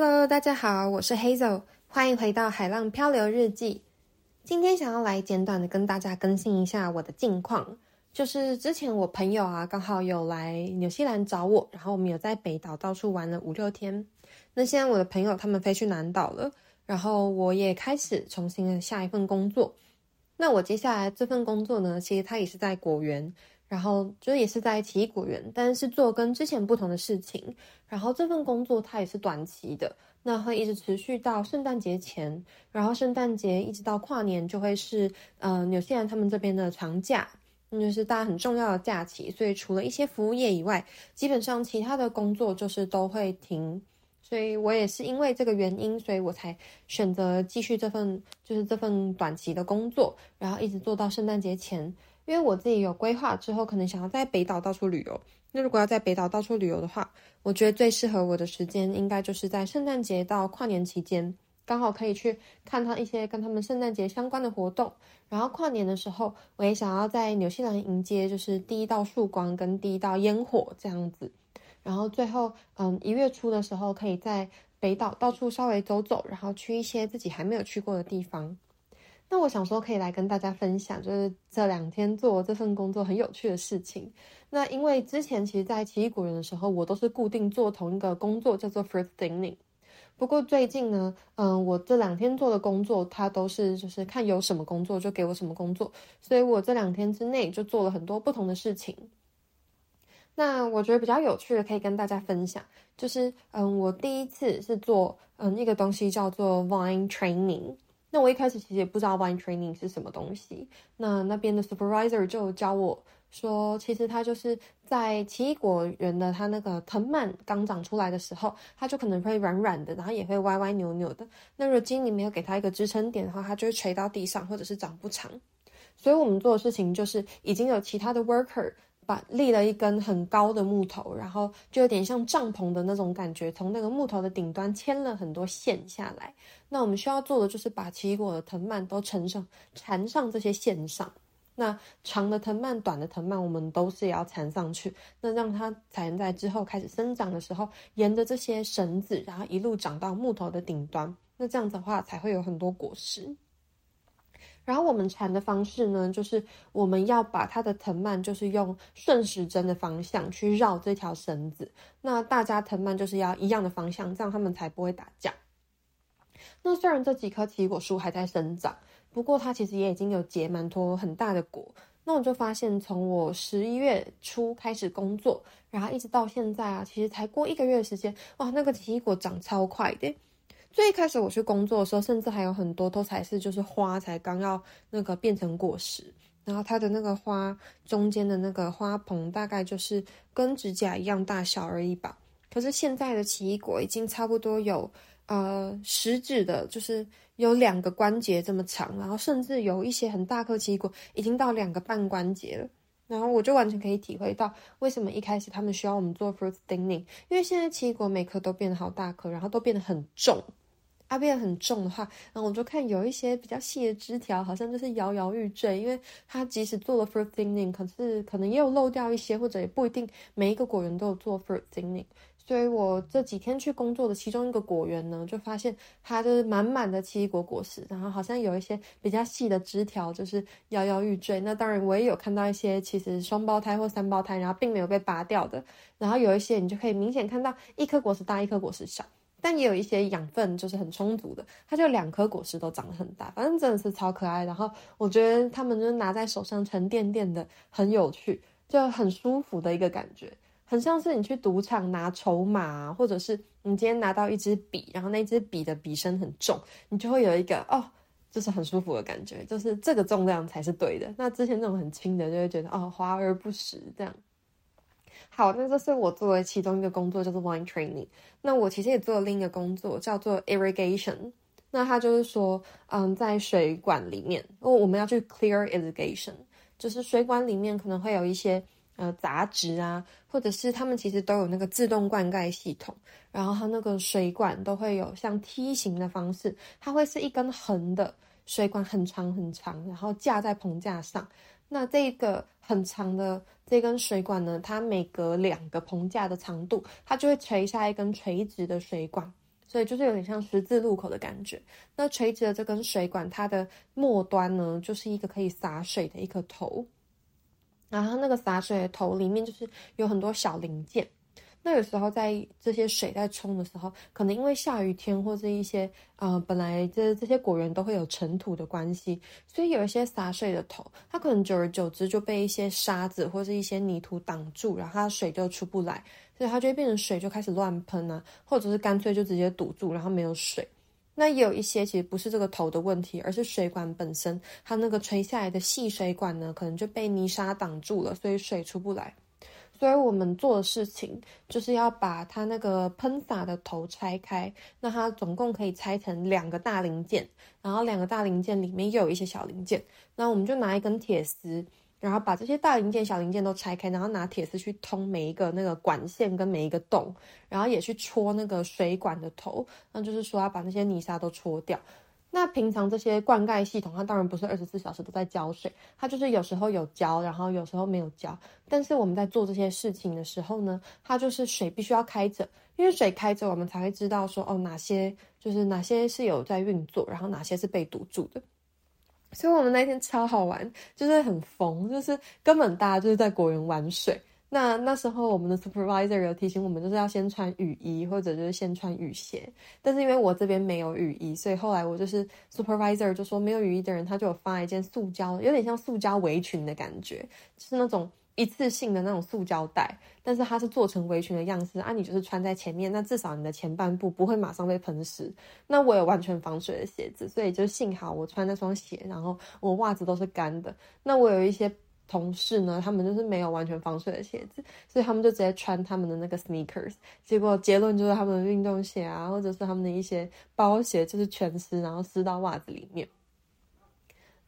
Hello，大家好，我是 Hazel，歡迎回到海浪漂流日記。今天想要來簡短的跟大家更新一下我的近況，就是之前我朋友啊剛好有來紐西蘭找我，然後我們有在北島到處玩了五六天。那現在我的朋友他們飛去南島了，然後我也開始重新的下一份工作。那我接下來這份工作呢，其實他也是在果園。然後就也是在奇異果園，但是做跟之前不同的事情。然後這份工作它也是短期的，那會一直持續到聖誕節前。然後聖誕節一直到跨年就會是呃，紐西蘭他們這邊的長假，就是大家很重要的假期。所以除了一些服務業以外，基本上其他的工作就是都會停。所以我也是因為這個原因，所以我才選擇繼續這份就是這份短期的工作，然後一直做到聖誕節前。因為我自己有規劃之後，可能想要在北島到處旅遊。那如果要在北島到處旅遊的話，我覺得最適合我的時間應該就是在聖誕節到跨年期間，剛好可以去看他一些跟他們聖誕節相關的活動。然後跨年的時候，我也想要在紐西蘭迎接就是第一道曙光跟第一道煙火這樣子。然後最後，嗯，一月初的時候，可以在北島到處稍微走走，然後去一些自己還沒有去過的地方。那我想說，可以來跟大家分享，就是這兩天做這份工作很有趣的事情。那因為之前其實，在奇異果園的時候，我都是固定做同一個工作，叫做 fruit thinning。不過最近呢，嗯，我這兩天做的工作，它都是就是看有什麼工作就給我什麼工作，所以我這兩天之內就做了很多不同的事情。那我覺得比較有趣的，可以跟大家分享，就是嗯，我第一次是做嗯一、那個東西叫做 vine training。那我一開始其實也不知道 vine training 是什麼東西。那那邊的 supervisor 就教我說，其實它就是在奇異果園的它那個藤蔓剛長出來的時候，它就可能會軟軟的，然後也會歪歪扭扭的。那如果今年沒有給它一個支撐點的話，它就會垂到地上，或者是長不長。所以我們做的事情就是已經有其他的 worker。把立了一根很高的木頭，然後就有點像帳篷的那種感覺。從那個木頭的頂端牽了很多線下來。那我們需要做的就是把奇異果的藤蔓都纏上、纏上這些線上。那長的藤蔓、短的藤蔓，我們都是要纏上去。那讓它才能在之後開始生長的時候，沿着這些繩子，然後一路長到木頭的頂端。那這樣子的話才會有很多果實。然後我們纏的方式呢，就是我們要把它的藤蔓，就是用順時針的方向去繞這條繩子。那大家藤蔓就是要一樣的方向，這樣它們才不會打架。那雖然這幾棵奇異果樹還在生長，不過它其實也已經有結蠻多很大的果。那我就發現，從我十一月初開始工作，然後一直到現在啊，其實才過一個月的時間，哇，那個奇異果長超快的。最開始我去工作的時候，甚至還有很多都才是就是花才剛要那個變成果實，然後它的那個花中間的那個花棚，大概就是跟指甲一樣大小而已吧。可是現在的奇異果已經差不多有呃食指的，就是有兩個關節這麼長，然後甚至有一些很大顆奇異果已經到兩個半關節了。然後我就完全可以體會到為什麼一開始他們需要我們做 fruit thinning，因為現在奇異果每顆都變得好大顆，然後都變得很重。阿變很重的話，然後我就看有一些比較細的枝條，好像就是搖搖欲墜，因為它即使做了 fruit thinning，可是可能也有漏掉一些，或者也不一定每一個果園都有做 fruit thinning。所以我這幾天去工作的其中一個果園呢，就發現它就是滿滿的奇異果果實，然後好像有一些比較細的枝條就是搖搖欲墜。那當然，我也有看到一些其實雙胞胎或三胞胎，然後並沒有被拔掉的，然後有一些你就可以明顯看到一顆果實大，一顆果實小。但也有一些養分就是很充足的，它就兩顆果實都長得很大，反正真的是超可愛。然後我覺得它們就是拿在手上沉甸甸的，很有趣，就很舒服的一個感覺，很像是你去賭場拿籌碼，或者是你今天拿到一支筆，然後那支筆的筆身很重，你就會有一個哦，就是很舒服的感覺，就是這個重量才是對的。那之前那種很輕的，就會覺得哦，華而不實這樣。好，那這是我做的其中一個工作叫做、就是、wine training。那我其實也做了另一個工作叫做 irrigation。那它就是說，嗯，在水管裡面，哦，我們要去 clear irrigation，就是水管裡面可能會有一些呃雜質啊，或者是他們其實都有那個自動灌溉系統，然後它那個水管都會有像梯形的方式，它會是一根橫的水管，很長很長，然後架在棚架上。那這個。很長的這根水管呢，它每隔兩個棚架的長度，它就會垂下一根垂直的水管，所以就是有點像十字路口的感覺。那垂直的這根水管，它的末端呢，就是一個可以灑水的一顆頭，然後那個灑水的頭裡面就是有很多小零件。那有時候在這些水在沖的時候，可能因為下雨天或者一些啊、呃，本來這這些果園都會有塵土的關係，所以有一些灑水的頭，它可能久而久之就被一些沙子或是一些泥土擋住，然後它水就出不來，所以它就會變成水就開始亂噴啊，或者是乾脆就直接堵住，然後沒有水。那有一些其實不是這個頭的問題，而是水管本身，它那個垂下來的細水管呢，可能就被泥沙擋住了，所以水出不來。所以我們做的事情就是要把它那個噴灑的頭拆開，那它總共可以拆成兩個大零件，然後兩個大零件裡面又有一些小零件，那我們就拿一根鐵絲，然後把這些大零件、小零件都拆開，然後拿鐵絲去通每一個那個管線跟每一個洞，然後也去戳那個水管的頭，那就是說要把那些泥沙都戳掉。那平常這些灌溉系統，它當然不是二十四小時都在澆水，它就是有時候有澆，然後有時候沒有澆。但是我們在做這些事情的時候呢，它就是水必須要開着，因為水開着，我們才會知道說哦，哪些就是哪些是有在運作，然後哪些是被堵住的。所以我們那天超好玩，就是很瘋，就是根本大家就是在果園玩水。那那時候我們的 supervisor 有提醒我們，就是要先穿雨衣或者就是先穿雨鞋。但是因為我這邊沒有雨衣，所以後來我就是 supervisor 就說沒有雨衣的人，他就有發一件塑膠，有點像塑膠圍裙的感覺，就是那種一次性的那種塑膠袋。但是它是做成圍裙的樣式，啊你就是穿在前面，那至少你的前半部不會馬上被噴濕。那我有完全防水的鞋子，所以就幸好我穿那雙鞋，然後我襪子都是乾的。那我有一些。同事呢，他們就是沒有完全防水的鞋子，所以他們就直接穿他們的那個 sneakers。結果結論就是，他們的運動鞋啊，或者是他們的一些包鞋，就是全濕，然後濕到襪子裡面。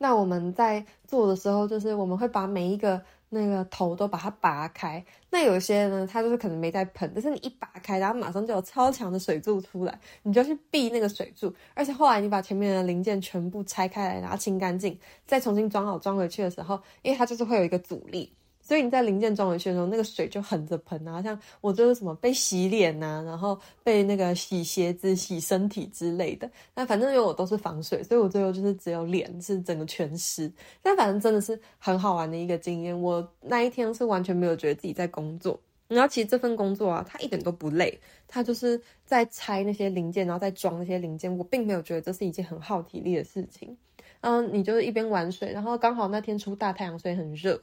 那我們在做的時候，就是我們會把每一個那個頭都把它拔開。那有些呢，它就是可能沒在噴，但是你一拔開，然後馬上就有超強的水柱出來，你就去避那個水柱。而且後來你把前面的零件全部拆開來，然後清乾淨，再重新裝好裝回去的時候，因為它就是會有一個阻力。所以你在零件裝回去的時候，那個水就橫着噴啊，像我最後是什麼被洗臉吶、啊，然後被那個洗鞋子、洗身體之類的。那反正因為我都是防水，所以我最後就是只有臉是整個全濕。但反正真的是很好玩的一個經驗。我那一天是完全沒有覺得自己在工作。然後其實這份工作啊，它一點都不累，它就是在拆那些零件，然後再裝那些零件。我並沒有覺得這是一件很耗體力的事情。嗯，你就是一邊玩水，然後剛好那天出大太陽，所以很熱。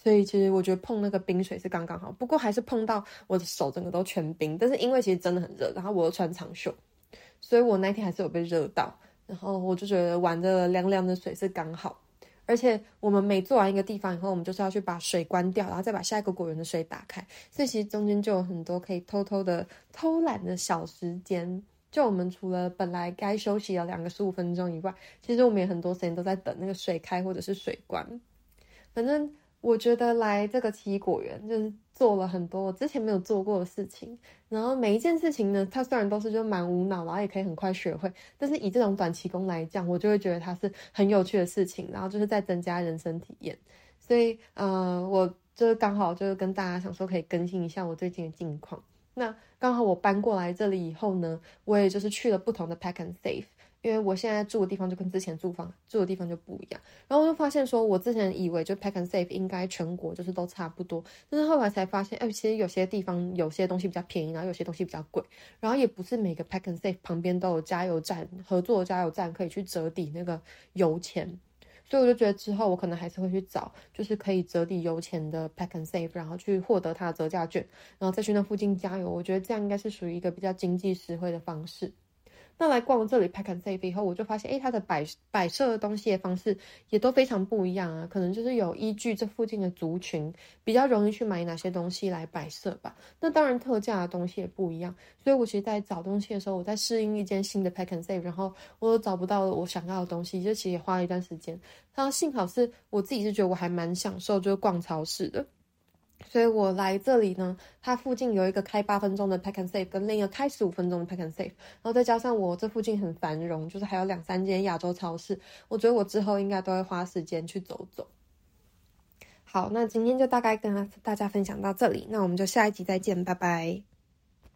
所以其實我覺得碰那個冰水是剛剛好，不過還是碰到我的手整個都全冰。但是因為其實真的很熱，然後我又穿長袖，所以我那天還是有被熱到。然後我就覺得玩的涼涼的水是剛好。而且我們每做完一個地方以後，我們就是要去把水關掉，然後再把下一個果園的水打開。所以其實中間就有很多可以偷偷的偷懶的小時間。就我們除了本來該休息的兩個十五分鐘以外，其實我們也很多時間都在等那個水開或者是水關。反正。我覺得來這個奇異果園就是做了很多我之前沒有做過的事情，然後每一件事情呢，它雖然都是就蠻無腦，然後也可以很快學會，但是以這種短期工來講，我就會覺得它是很有趣的事情，然後就是在增加人生體驗。所以，呃，我就是剛好就是跟大家想說，可以更新一下我最近的近況。那剛好我搬過來這裡以後呢，我也就是去了不同的 Pak'nSave。因為我現在住的地方就跟之前住房住的地方就不一樣，然後我就發現說，我之前以為就 Pack and Save 應該全國就是都差不多，但是後來才發現，哎，其實有些地方有些東西比較便宜，然後有些東西比較貴，然後也不是每個 Pack and Save 旁邊都有加油站，合作的加油站可以去折抵那個油錢，所以我就覺得之後我可能還是會去找，就是可以折抵油錢的 Pack and Save，然後去獲得它的折價券，然後再去那附近加油，我覺得這樣應該是屬於一個比較經濟實惠的方式。那來逛這裡，Pack and Save 以後，我就發現，哎，它的擺擺設的東西的方式也都非常不一樣啊，可能就是有依據這附近的族群比較容易去買哪些東西來擺設吧。那當然，特價的東西也不一樣，所以我其實，在找東西的時候，我在適應一間新的 Pack and Save，然後我都找不到我想要的東西，就其實花了一段時間。然後幸好是我自己是覺得我還蠻享受，就是逛超市的。所以我來這裡呢，它附近有一個開八分鐘的 Pack and Save，跟另一個開十五分鐘的 Pack and Save，然後再加上我這附近很繁榮，就是還有兩三間亞洲超市，我覺得我之後應該都會花時間去走走。好，那今天就大概跟大家分享到這裡，那我們就下一集再見，拜拜。